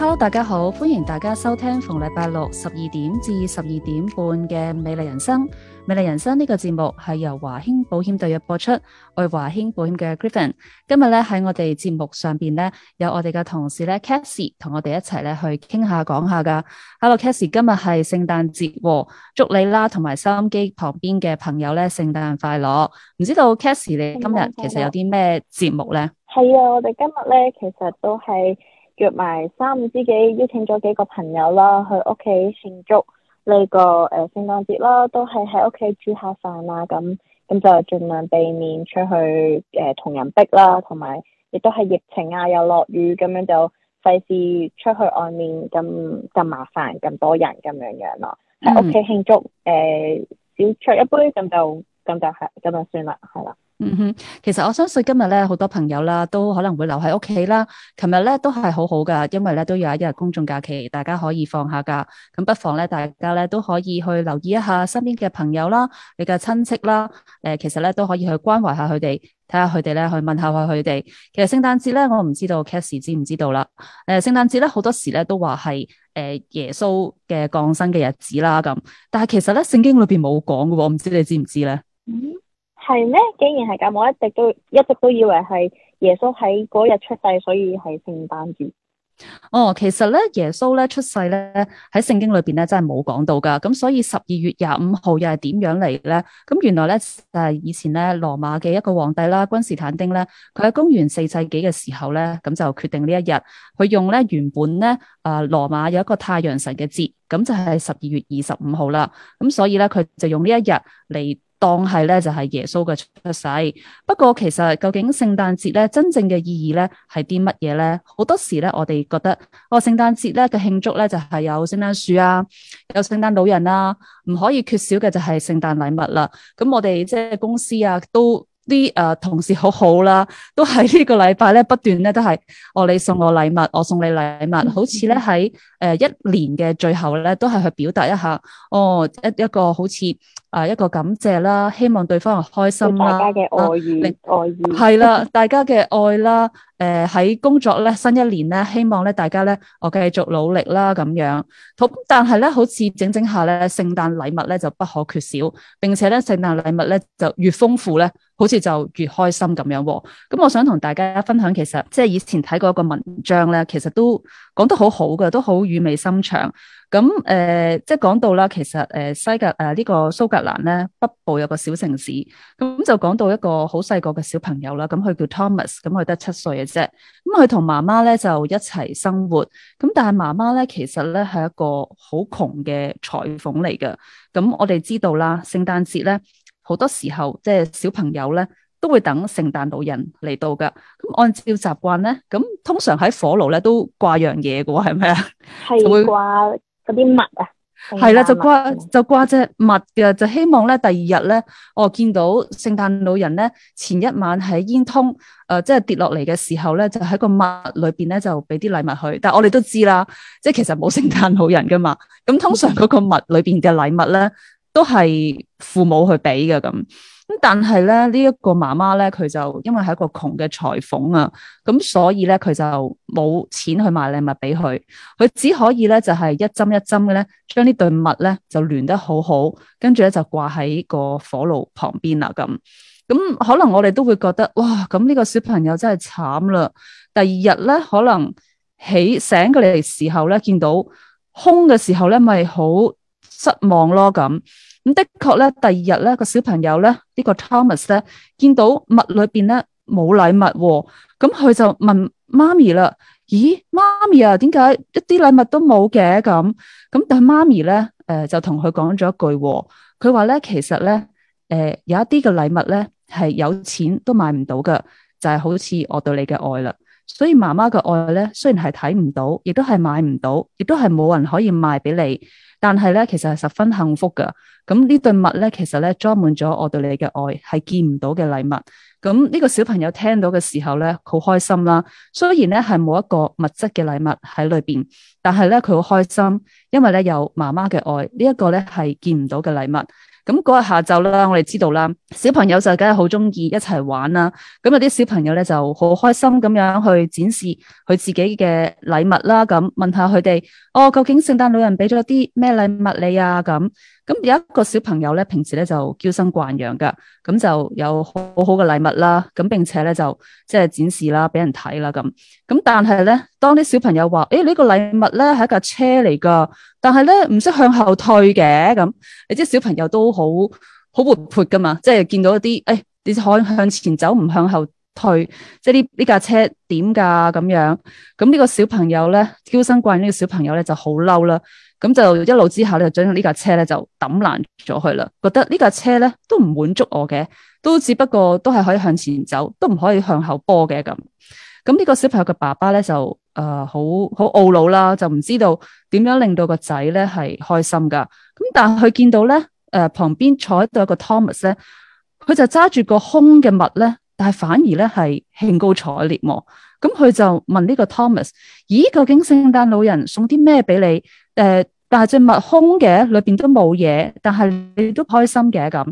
Hello，大家好，歡迎大家收聽逢禮拜六十二點至十二點半嘅《美麗人生》。《美麗人生》呢個節目係由華興保險特約播出，我係華興保險嘅 Griffin。今日咧喺我哋節目上邊咧，有我哋嘅同事咧 Cassie 同我哋一齊咧去傾下講下噶。Hello Cassie 今日係聖誕節，祝你啦，同埋收音機旁邊嘅朋友咧，聖誕快樂。唔知道 Cassie 你今日其實有啲咩節目咧？係啊，我哋今日咧其實都係。約埋三五知己，邀請咗幾個朋友啦，去屋企慶祝呢、這個誒聖誕節啦，都係喺屋企煮下飯啦，咁咁就盡量避免出去誒同、呃、人逼啦，同埋亦都係疫情啊又落雨咁樣就費事出去外面咁咁麻煩咁多人咁樣樣咯，喺屋企慶祝誒小酌一杯咁就咁就係咁就算啦係啦。嗯哼，其實我相信今日咧，好多朋友啦，都可能會留喺屋企啦。琴日咧都係好好噶，因為咧都有一日公眾假期，大家可以放下噶。咁不妨咧，大家咧都可以去留意一下身邊嘅朋友啦，你嘅親戚啦。誒、呃，其實咧都可以去關懷下佢哋，睇下佢哋咧去問下佢哋。其實聖誕節咧，我唔知道 Cassie 知唔知道啦。誒、呃，聖誕節咧好多時咧都話係誒耶穌嘅降生嘅日子啦。咁，但係其實咧聖經裏邊冇講噶，我唔知你知唔知咧。嗯係咩？竟然係咁，我一直都一直都以為係耶穌喺嗰日出世，所以係聖誕節。哦，其實咧，耶穌咧出世咧喺聖經裏邊咧真係冇講到噶，咁所以十二月廿五號又係點樣嚟咧？咁原來咧誒，以前咧羅馬嘅一個皇帝啦，君士坦丁咧，佢喺公元四世紀嘅時候咧，咁就決定呢一日，佢用咧原本咧誒羅馬有一個太陽神嘅節，咁就係十二月二十五號啦。咁所以咧，佢就用呢一日嚟。當係咧就係耶穌嘅出世，不過其實究竟聖誕節咧真正嘅意義咧係啲乜嘢咧？好多時咧我哋覺得個、哦、聖誕節咧嘅慶祝咧就係有聖誕樹啊，有聖誕老人啊，唔可以缺少嘅就係聖誕禮物啦、啊。咁我哋即係公司啊，都啲誒、呃、同事好好、啊、啦，都喺呢個禮拜咧不斷咧都係，我、哦、你送我禮物，我送你禮物，好似咧喺誒一年嘅最後咧都係去表達一下，哦一一個好似。啊，一個感謝啦，希望對方又開心啦， 大家嘅愛意，愛意，係啦，大家嘅愛啦，誒喺工作咧，新一年咧，希望咧大家咧，我繼續努力啦，咁樣。咁但係咧，好似整整下咧，聖誕禮物咧就不可缺少，並且咧，聖誕禮物咧就越豐富咧，好似就越開心咁樣。咁我想同大家分享，其實即係以前睇過一個文章咧，其實都講得好好㗎，都好語味深長。咁誒、呃，即係講到啦，其實誒、呃、西格誒呢、啊呢個蘇格蘭咧，北部有個小城市，咁就講到一個好細個嘅小朋友啦。咁佢叫 Thomas，咁佢得七歲嘅啫。咁佢同媽媽咧就一齊生活，咁但係媽媽咧其實咧係一個好窮嘅裁縫嚟嘅。咁我哋知道啦，聖誕節咧好多時候，即係小朋友咧都會等聖誕老人嚟到㗎。咁按照習慣咧，咁通常喺火爐咧都掛樣嘢嘅喎，係咪啊？係掛吧。 就會嗰啲襪啊，係啦，就掛就掛隻襪嘅，就希望咧第二日咧，我見到聖誕老人咧，前一晚喺煙通誒、呃，即係跌落嚟嘅時候咧，就喺個裡面呢就襪裏邊咧就俾啲禮物佢。但係我哋都知啦，即係其實冇聖誕老人噶嘛。咁通常嗰個襪裡面禮物裏邊嘅禮物咧，都係父母去俾嘅咁。咁但係咧，呢一個媽媽咧，佢就因為係一個窮嘅裁縫啊，咁所以咧，佢就冇錢去買禮物俾佢，佢只可以咧就係一針一針嘅咧將呢對襪咧就亂得好好，跟住咧就掛喺個火爐旁邊啦咁。咁可能我哋都會覺得哇，咁呢個小朋友真係慘啦。第二日咧，可能起醒過嚟時候咧，見到空嘅時候咧咪好失望咯咁。的確咧，第二日咧、那個小朋友咧呢、呢個 Thomas 咧見到物裏邊咧冇禮物，咁佢就問媽咪啦：，咦，媽咪啊，點解一啲禮物都冇嘅？咁咁但係媽咪咧，誒、呃、就同佢講咗一句，佢話咧其實咧，誒、呃、有一啲嘅禮物咧係有錢都買唔到㗎，就係、是、好似我對你嘅愛啦。所以媽媽嘅愛咧，雖然係睇唔到，亦都係買唔到，亦都係冇人可以賣俾你。但係呢其實係十分幸福㗎。咁呢對襪咧，其實咧裝滿咗我對你嘅愛，係見唔到嘅禮物。咁呢個小朋友聽到嘅時候呢，好開心啦。雖然咧係冇一個物質嘅禮物喺裏面，但係呢，佢好開心，因為呢有媽媽嘅愛。呢一個呢，係見唔到嘅禮物。咁嗰日下晝啦，我哋知道啦，小朋友就梗係好中意一齊玩啦。咁有啲小朋友呢就好開心咁樣去展示佢自己嘅禮物啦。咁問下佢哋，哦，究竟聖誕老人俾咗啲咩禮物你啊？咁。咁有一個小朋友咧，平時咧就嬌生慣養噶，咁就有好好嘅禮物啦，咁並且咧就即係展示啦，俾人睇啦，咁咁但係咧，當啲小朋友話：，誒呢個禮物咧係一架車嚟㗎，但係咧唔識向後退嘅，咁你知小朋友都好好活潑噶嘛，即係見到啲誒，你可向前走，唔向後退，即係呢呢架車點㗎咁樣？咁呢個小朋友咧，嬌生慣養呢個小朋友咧就好嬲啦。咁就一路之下咧，將呢架車咧就抌爛咗佢啦。覺得呢架車咧都唔滿足我嘅，都只不過都係可以向前走，都唔可以向後波嘅咁。咁呢個小朋友嘅爸爸咧就誒好好懊惱啦，就唔知道點樣令到個仔咧係開心噶。咁但係佢見到咧誒、呃、旁邊坐喺度一個 Thomas 咧，佢就揸住個空嘅物咧，但係反而咧係興高采烈喎、啊。咁佢就問呢個 Thomas：，咦，究竟聖誕老人送啲咩俾你？誒、呃，但係只物空嘅，裏邊都冇嘢，但係你都開心嘅咁。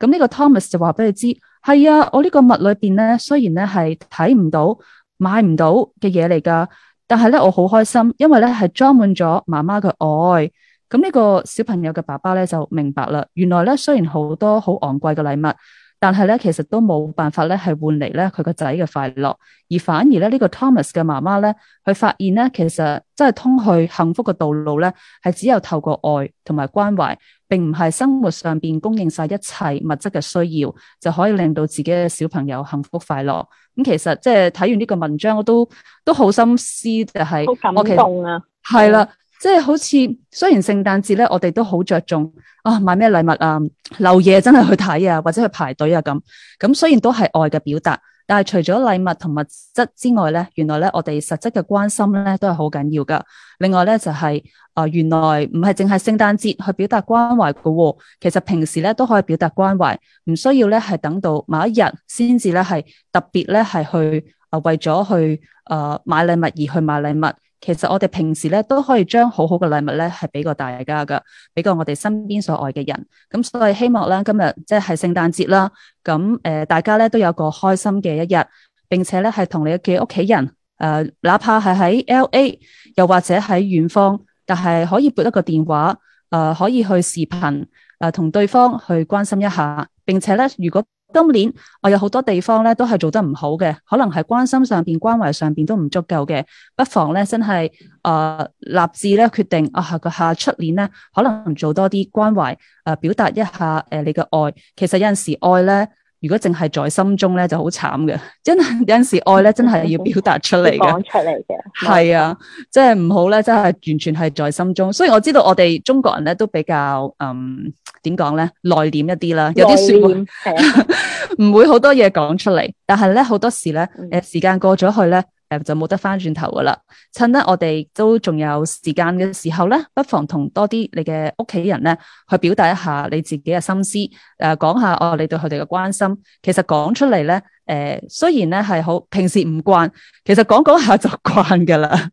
咁呢個 Thomas 就話俾你知，係啊，我呢個物裏邊咧，雖然咧係睇唔到、買唔到嘅嘢嚟噶，但係咧我好開心，因為咧係裝滿咗媽媽嘅愛。咁呢個小朋友嘅爸爸咧就明白啦，原來咧雖然好多好昂貴嘅禮物。但係咧，其實都冇辦法咧，係換嚟咧佢個仔嘅快樂，而反而咧呢個 Thomas 嘅媽媽咧，佢發現咧，其實即係通去幸福嘅道路咧，係只有透過愛同埋關懷，並唔係生活上邊供應晒一切物質嘅需要，就可以令到自己嘅小朋友幸福快樂。咁其實即係睇完呢個文章，我都都好心思，就係、感動啊、我其實係啦。即係好似雖然聖誕節咧，我哋都好着重啊買咩禮物啊，漏夜真係去睇啊，或者去排隊啊咁。咁雖然都係愛嘅表達，但係除咗禮物同物質之外咧，原來咧我哋實質嘅關心咧都係好緊要噶。另外咧就係、是、啊、呃，原來唔係淨係聖誕節去表達關懷噶、啊，其實平時咧都可以表達關懷，唔需要咧係等到某一日先至咧係特別咧係去啊、呃、為咗去啊、呃、買禮物而去買禮物。其實我哋平時都可以將好好嘅禮物咧係俾個大家噶，俾個我哋身邊所愛嘅人。咁所以希望咧今日即係聖誕節啦，就是、大家咧都有個開心嘅一日，並且咧係同你嘅屋企人誒、呃，哪怕係喺 LA，又或者喺遠方，但係可以撥一個電話誒、呃，可以去視頻誒，同、呃、對方去關心一下，並且呢，如果。今年我有好多地方咧都係做得唔好嘅，可能係關心上面、關懷上面都唔足夠嘅，不妨咧真係誒、呃、立志咧決定啊，下個下出年咧可能做多啲關懷誒、呃，表達一下誒、呃、你嘅愛。其實有陣時愛咧。如果淨係在心中咧就好慘嘅，真係有陣時愛咧真係要表達出嚟嘅，講 出嚟嘅係啊，即係唔好咧，真係完全係在心中。雖然我知道我哋中國人咧都比較嗯點講咧內斂一啲啦，斂有啲說話唔會好多嘢講出嚟，但係咧好多時咧誒時間過咗去咧。嗯誒，就冇得返轉頭噶啦。趁得我哋都仲有時間嘅時候咧，不妨同多啲你嘅屋企人咧，去表達一下你自己嘅心思。誒、呃，講下哦，你對佢哋嘅關心。其實講出嚟咧，誒、呃，雖然咧係好平時唔慣，其實講講下就慣噶啦。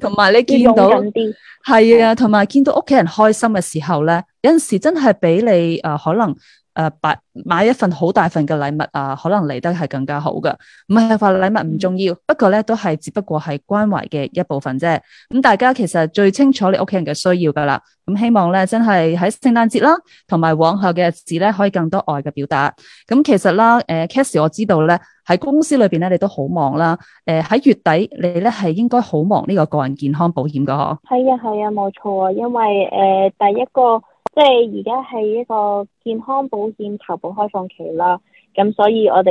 同 埋你見到係啊，同埋見到屋企人開心嘅時候咧，的有陣時真係俾你誒、呃，可能。誒，買、啊、買一份好大份嘅禮物啊，可能嚟得係更加好嘅。唔係話禮物唔重要，不過咧都係只不過係關懷嘅一部分啫。咁、嗯、大家其實最清楚你屋企人嘅需要噶、嗯、啦。咁希望咧真係喺聖誕節啦，同埋往後嘅日子咧，可以更多愛嘅表達。咁、嗯、其實啦，誒、呃、Kass 我知道咧，喺公司裏邊咧，你都好忙啦。誒、呃，喺月底你咧係應該好忙呢個個人健康保險噶嗬？係啊係啊，冇錯啊錯，因為誒、呃、第一個。即係而家係一個健康保險投保開放期啦，咁所以我哋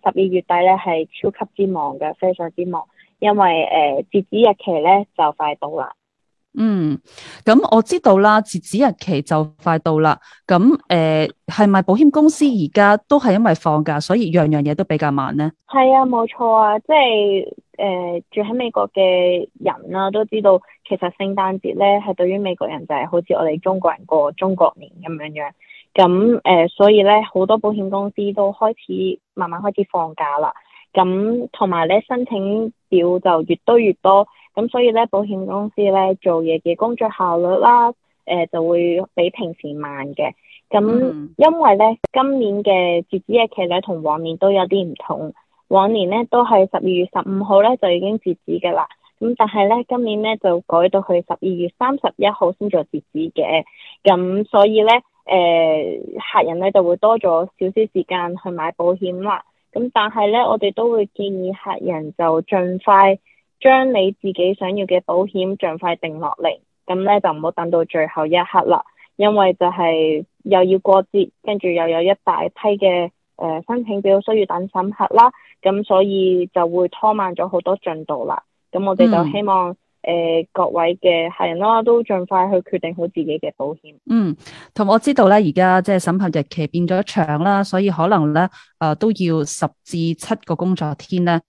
誒十二月底咧係超級之忙嘅，非常之忙，因為誒截止日期咧就快到啦。嗯，咁我知道啦，截止日期就快到啦。咁誒係咪保險公司而家都係因為放假，所以樣樣嘢都比較慢咧？係啊，冇錯啊，即係。誒、呃、住喺美國嘅人啦，都知道其實聖誕節咧係對於美國人就係好似我哋中國人過中國年咁樣樣。咁誒、呃，所以咧好多保險公司都開始慢慢開始放假啦。咁同埋咧申請表就越多越多。咁所以咧保險公司咧做嘢嘅工作效率啦、啊、誒、呃、就會比平時慢嘅。咁因為咧今年嘅截止日期咧同往年都有啲唔同。往年呢都係十二月十五號呢就已經截止嘅啦，咁但係呢，今年呢就改到去十二月三十一號先做截止嘅，咁、嗯、所以呢，誒、呃、客人呢就會多咗少少時間去買保險啦。咁、嗯、但係呢，我哋都會建議客人就盡快將你自己想要嘅保險盡快定落嚟，咁、嗯、呢、嗯、就唔好等到最後一刻啦，因為就係又要過節，跟住又有一大批嘅誒、呃、申請表需要等審核啦。咁所以就會拖慢咗好多進度啦。咁我哋就希望誒、嗯呃、各位嘅客人啦，都盡快去決定好自己嘅保險。嗯，同我知道咧，而家即係審核日期變咗長啦，所以可能咧誒、呃、都要十至七個工作天咧。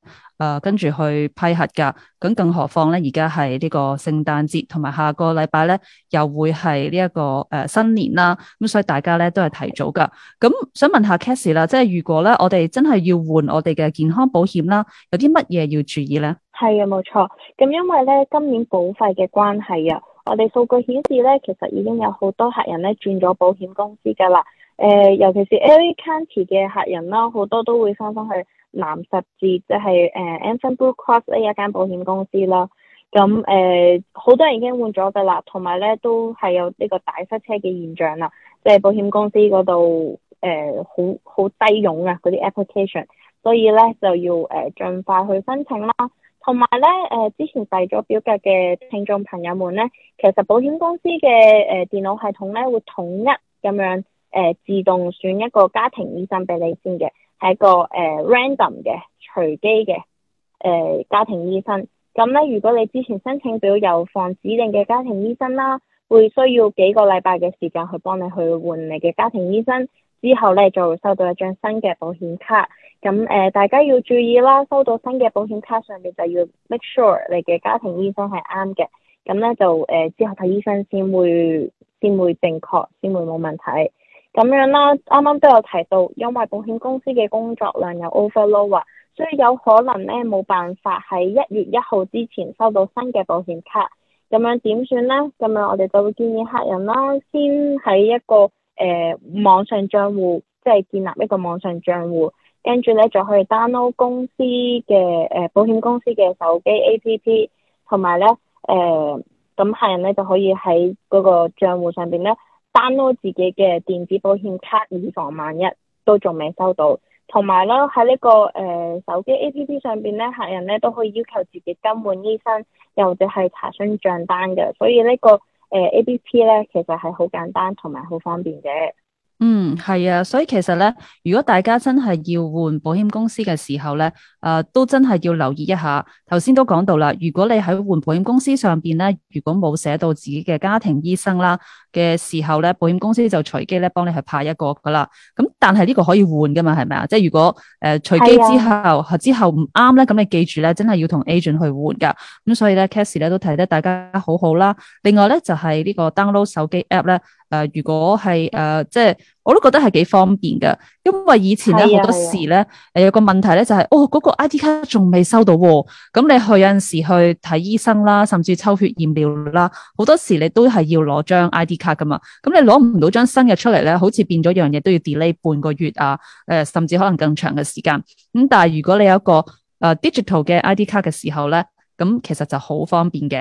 誒跟住去批核㗎，咁更何況咧，而家係呢個聖誕節，同埋下個禮拜咧，又會係呢一個誒新年啦。咁所以大家咧都係提早噶。咁想問下 Cassie 啦，即係如果咧我哋真係要換我哋嘅健康保險啦，有啲乜嘢要注意咧？係啊，冇錯。咁因為咧今年保費嘅關係啊，我哋數據顯示咧，其實已經有好多客人咧轉咗保險公司噶啦。誒、呃，尤其是 LA County 嘅客人啦，好多都會翻返去。藍十字即係誒 Anthem Blue Cross 呢一間保險公司啦，咁誒好多人已經換咗噶啦，同埋咧都係有呢有個大塞車嘅現象啦，即、就、係、是、保險公司嗰度誒好好低佣啊，嗰啲 application，所以咧就要誒盡、uh, 快去申請啦，同埋咧誒之前遞咗表格嘅聽眾朋友們咧，其實保險公司嘅誒、uh, 電腦系統咧會統一咁樣誒、uh, 自動選一個家庭醫生俾你先嘅。係一個、uh, random 嘅隨機嘅誒、uh, 家庭醫生，咁咧如果你之前申請表有放指定嘅家庭醫生啦，會需要幾個禮拜嘅時間去幫你去換你嘅家庭醫生，之後咧就會收到一張新嘅保險卡。咁誒、uh, 大家要注意啦，收到新嘅保險卡上面就要 make sure 你嘅家庭醫生係啱嘅。咁咧就誒、uh, 之後睇醫生先會先會正確，先會冇問題。咁樣啦，啱啱都有提到，因為保險公司嘅工作量有 overload，所以有可能咧冇辦法喺一月一號之前收到新嘅保險卡。咁樣點算呢？咁樣我哋就會建議客人啦，先喺一個誒網上賬戶，即係建立一個網上賬戶，跟住咧就可以 download 公司嘅誒保險公司嘅手機 APP，同埋咧誒，咁客人咧就可以喺嗰個賬戶上邊咧。download 自己嘅電子保險卡，以防萬一都仲未收到。同埋咧，喺呢、呢個誒、呃、手機 A P P 上邊咧，客人咧都可以要求自己更換醫生，又或者係查詢賬單嘅。所以、呢個呃、呢個誒 A P P 咧，其實係好簡單同埋好方便嘅。嗯，係啊，所以其實咧，如果大家真係要換保險公司嘅時候咧，誒、呃，都真係要留意一下。頭先都講到啦，如果你喺換保險公司上邊咧，如果冇寫到自己嘅家庭醫生啦嘅時候咧，保險公司就隨機咧幫你去派一個噶啦。咁但係呢個可以換噶嘛，係咪啊？即、就、係、是、如果誒隨機之後，哎、呀之後唔啱咧，咁你記住咧，真係要同 agent 去換噶。咁所以咧，Casey 咧都提得大家好好啦。另外咧就係、是、呢個 download 手機 app 咧。誒，如果係誒，即、呃、係、就是、我都覺得係幾方便噶因為以前咧好的多時咧，誒的有個問題咧就係、是，哦嗰、那個 ID 卡仲未收到喎、哦，咁你去有陣時去睇醫生啦，甚至抽血驗尿啦，好多時你都係要攞張 ID 卡噶嘛，咁你攞唔到張新嘅出嚟咧，好似變咗樣嘢都要 delay 半個月啊，誒、呃、甚至可能更長嘅時間。咁但係如果你有一個誒、呃、digital 嘅 ID 卡嘅時候咧，咁其實就好方便嘅。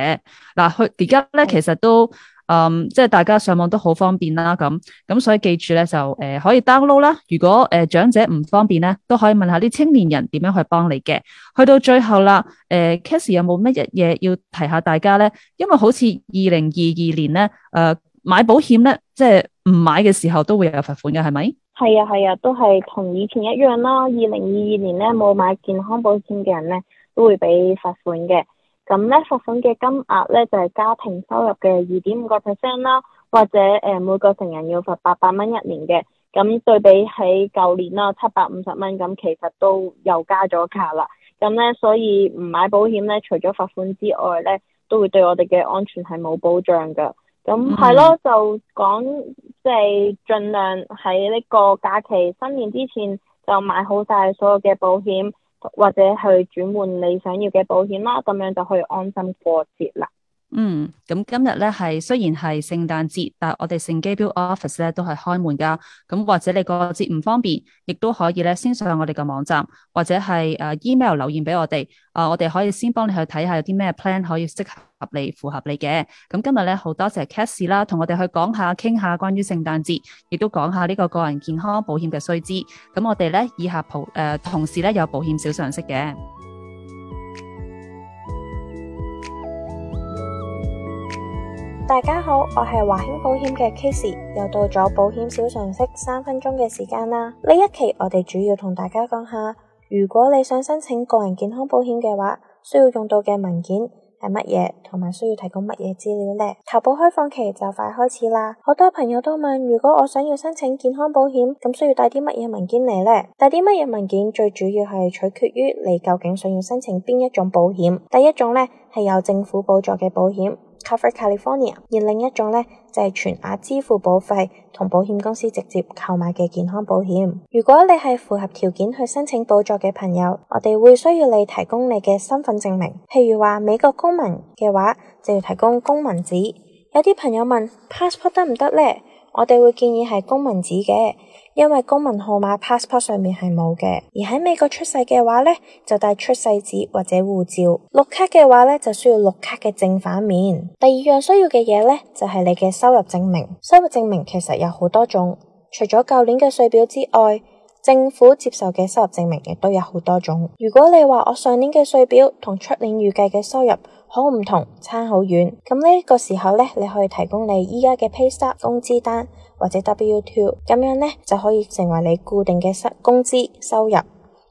嗱、啊，佢而家咧其實都。嗯，um, 即係大家上網都好方便啦，咁咁所以記住咧就誒、呃、可以 download 啦。如果誒、呃、長者唔方便咧，都可以問下啲青年人點樣去幫你嘅。去到最後啦，誒 Cassie 有冇乜嘢嘢要提下大家咧？因為好似二零二二年咧，誒、呃、買保險咧、呃，即係唔買嘅時候都會有罰款嘅，係咪？係啊係啊，都係同以前一樣啦。二零二二年咧冇買健康保險嘅人咧，都會俾罰款嘅。咁咧罰款嘅金額咧就係、是、家庭收入嘅二點五個 percent 啦，或者誒、呃、每個成人要罰八百蚊一年嘅。咁對比起舊年啦七百五十蚊，咁其實都又加咗價啦。咁咧所以唔買保險咧，除咗罰款之外咧，都會對我哋嘅安全係冇保障㗎。咁係咯，就講即係盡量喺呢個假期新年之前就買好晒所有嘅保險，或者去轉換你想要嘅保險啦，咁樣就可以安心過節啦。嗯，咁今日咧係雖然係聖誕節，但係我哋盛基表 office 咧都係開門噶。咁或者你過節唔方便，亦都可以咧先上我哋個網站，或者係誒 email 留言俾我哋。啊、呃，我哋可以先幫你去睇下有啲咩 plan 可以適合你、符合你嘅。咁今日咧好多謝 Cass 啦，同我哋去講下、傾下關於聖誕節，亦都講下呢個個人健康保險嘅須知。咁我哋咧以下保誒、呃、同事咧有保險小常識嘅。大家好，我係華興保險嘅 Casey，又到咗保險小常識三分鐘嘅時間啦。呢一期我哋主要同大家講下，如果你想申請個人健康保險嘅話，需要用到嘅文件係乜嘢，同埋需要提供乜嘢資料呢？投保開放期就快開始啦，好多朋友都問，如果我想要申請健康保險，咁需要帶啲乜嘢文件嚟呢？帶啲乜嘢文件最主要係取決於你究竟想要申請邊一種保險。第一種呢，係由政府補助嘅保險。Covered California，而另一種咧就係全額支付保費同保險公司直接購買嘅健康保險。如果你係符合條件去申請補助嘅朋友，我哋會需要你提供你嘅身份證明，譬如話美國公民嘅話就要提供公民紙。有啲朋友問 Passport 得唔得咧？我哋會建議係公民紙嘅。因為公民號碼 passport 上面係冇嘅，而喺美國出世嘅話咧，就帶出世紙或者護照。綠卡嘅話咧，就需要綠卡嘅正反面。第二樣需要嘅嘢咧，就係你嘅收入證明。收入證明其實有好多種，除咗舊年嘅稅表之外，政府接受嘅收入證明亦都有好多種。如果你話我上年嘅稅表同出年預計嘅收入。好唔同，差好遠。咁呢個時候呢，你可以提供你而家嘅 paystub 工資單或者 W two，咁樣呢，就可以成為你固定嘅工資收入，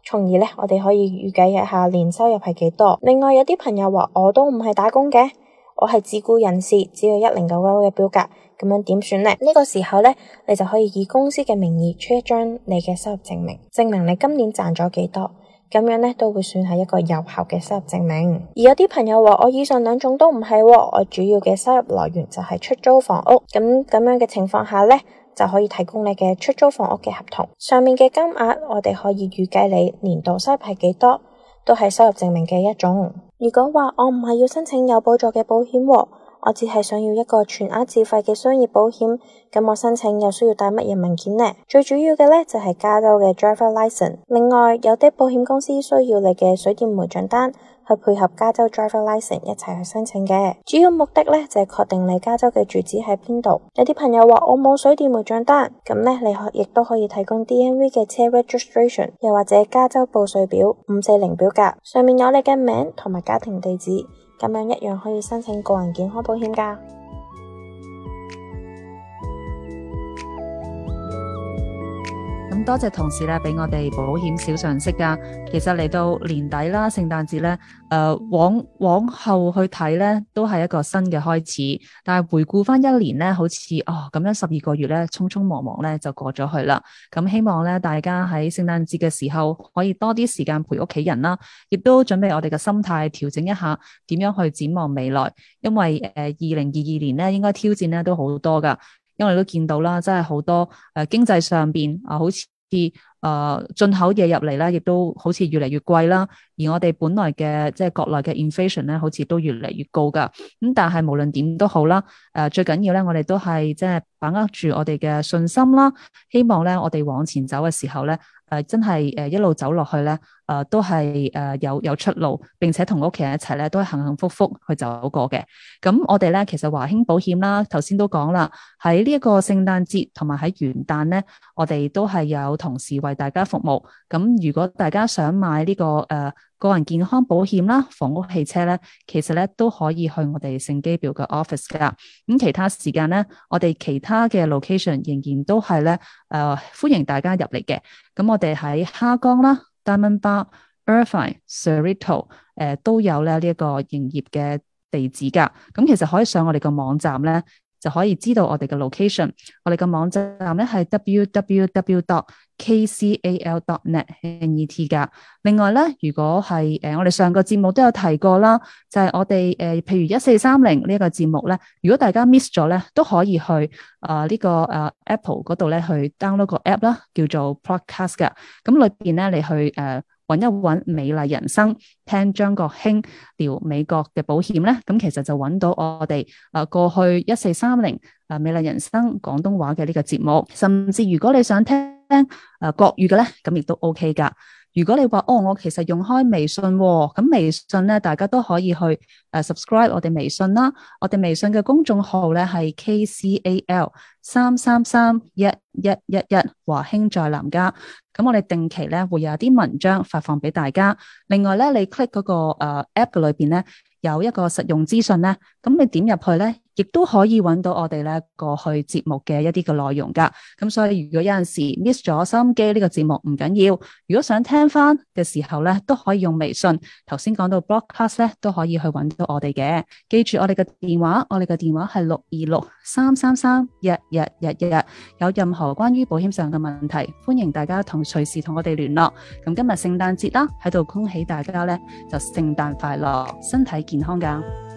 從而呢，我哋可以預計一下年收入係幾多。另外有啲朋友話我都唔係打工嘅，我係自雇人士，只要有一零九九嘅表格，咁樣點算呢？呢個時候呢，你就可以以公司嘅名義出一張你嘅收入證明，證明你今年賺咗幾多。咁樣呢都會算係一個有效嘅收入證明。而有啲朋友話我以上兩種都唔係，哦，我主要嘅收入來源就係出租房屋。咁咁樣嘅情況下呢，就可以提供你嘅出租房屋嘅合同。上面嘅金額我哋可以預計你年度收入係幾多，都係收入證明嘅一種。如果話我唔係要申請有補助嘅保險，哦。我只係想要一個全額自費嘅商業保險，咁我申請又需要帶乜嘢文件呢？最主要嘅呢，就係加州嘅 driver license，另外有啲保險公司需要你嘅水電煤賬單去配合加州 driver license 一齊去申請嘅，主要目的呢，就係確定你加州嘅住址喺邊度。有啲朋友話我冇水電煤賬單，咁呢你可亦都可以提供 DMV 嘅車 registration，又或者加州報稅表五四零表格上面有你嘅名同埋家庭地址。咁樣一樣可以申請個人健康保險噶。多謝同事咧，俾我哋保險小常識啊。其實嚟到年底啦，聖誕節呢，呃、往往後去睇呢都係一個新嘅開始。但係回顧返一年呢，好似哦，咁樣十二個月呢，匆匆忙忙呢就過咗去啦。咁、嗯、希望呢，大家喺聖誕節嘅時候可以多啲時間陪屋企人啦，亦都準備我哋嘅心態調整一下，點樣去展望未來？因為二零二二年呢，應該挑戰呢都好多㗎，因為都見到啦，真係好多誒、呃，經濟上面。啊、呃，好啲誒進口嘢入嚟咧，亦都好似越嚟越貴啦。而我哋本來嘅即係國內嘅 inflation 咧，好似都越嚟越高噶。咁但係無論點都好啦，誒、啊、最緊要咧，我哋都係即係把握住我哋嘅信心啦。希望咧，我哋往前走嘅時候咧。誒，真係誒一路走落去咧，誒、呃、都係誒、呃、有有出路，並且同屋企人一齊咧都係幸幸福福去走過嘅。咁我哋咧其實華興保險啦，頭先都講啦，喺呢一個聖誕節同埋喺元旦咧，我哋都係有同事為大家服務。咁如果大家想買呢、這個誒。呃個人健康保險啦、房屋、汽車咧，其實咧都可以去我哋聖蓋博嘅 office 噶。咁其他時間咧，我哋其他嘅 location 仍然都係咧，誒、呃、歡迎大家入嚟嘅。咁我哋喺哈崗啦、d i a m Diamond Bar、Irvine、Cerritos 誒、呃、都有咧呢一、這個營業嘅地址噶。咁其實可以上我哋個網站咧。就可以知道我哋嘅 location，我哋嘅網站咧係 www.kcal.net。另外咧，如果係誒、呃、我哋上個節目都有提過啦，就係、是、我哋誒、呃、譬如一四三零呢一個節目咧，如果大家 miss 咗咧，都可以去誒、呃這個呃、呢個誒 Apple 嗰度咧去 download 個 app 啦，叫做 Podcast 噶。咁裏邊咧你去誒。呃揾一揾美麗人生，聽張國興聊美國嘅保險咧，咁其實就揾到我哋誒過去一四三零誒美麗人生廣東話嘅呢個節目，甚至如果你想聽誒國語嘅咧，咁亦都 OK 噶。如果你話哦，我其實用開微信，哦，咁微信咧，大家都可以去誒 subscribe、uh，我哋微信啦。我哋微信嘅公眾號咧係 kcal 三三三一一一一華興在南加。咁我哋定期咧會有啲文章發放俾大家。另外咧，你 click 嗰個誒 app 嘅裏邊咧，有一個實用資訊咧，咁你點入去咧？亦都可以揾到我哋呢過去節目嘅一啲嘅內容噶，咁所以如果有陣時 miss 咗心機呢、呢個節目唔緊要，要，如果想聽翻嘅時候呢，都可以用微信。頭先講到 broadcast 呢，都可以去揾到我哋嘅。記住我哋嘅電話，我哋嘅電話係六二六三三三一一一一。1, 有任何關於保險上嘅問題，歡迎大家同隨時同我哋聯絡。咁今日聖誕節啦，喺度恭喜大家呢，就聖誕快樂，身體健康㗎！